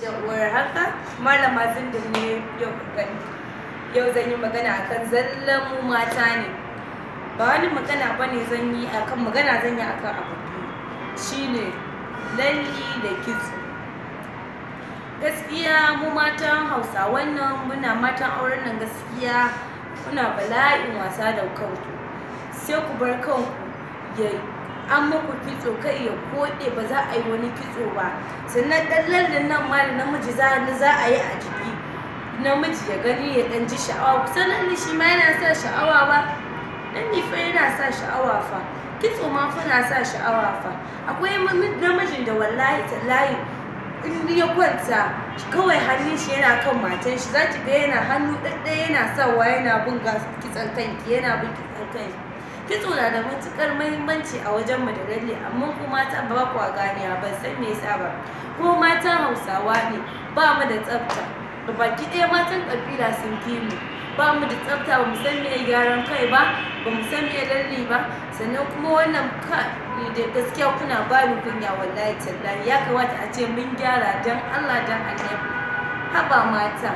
da uwar haka malama zindin ne yau gani yau zan yi magana akan zallan mu mata ne ba wani magana ba ne zan yi akan magana zan yi akan abu ne lalli da kitso gaskiya mu matan hausa wannan muna matan auren nan gaskiya muna bala'in wasa da kanku sai ku bar kanku ya an muku kitso kai ya koɗe ba za a yi wani kitso ba sannan ɗan nan ma da namiji za a yi a jiki namiji ya gani ya ɗan ji sha'awa kusan nan shi ma yana sa sha'awa ba nan ni fa yana sa sha'awa fa kitso ma fa na sa sha'awa fa akwai namijin da wallahi tallahi in ya kwanta kawai hannun shi yana kan matan shi za ki ga yana hannu ɗaɗɗaya yana sawa yana bin kitson kanki yana bin kitson kanki kitso na da matukar mahimmanci a wajen mu da lalle amma kuma ta ba ku gane ban san me yasa ba ko matan hausawa ne ba mu da tsafta baki ɗaya matan kabila sun ki mu ba mu da tsafta ba mu san me gyaran kai ba ba mu san me lalle ba sannan kuma wannan ka da gaskiya kuna ba ni kunya wallahi tallahi ya kamata a ce mun gyara dan Allah dan annabi haba mata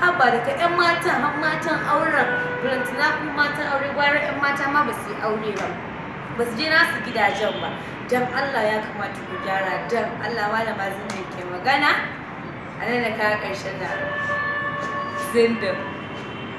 haba daga 'yan mata, har matan aure balantana kuma aure gwara 'yan mata ma ba su yi aure ba ba su je nasu gidajen ba don allah ya kamata ku gyara don allah ma malama zan ke magana a nan da kaya ƙarshen da zindin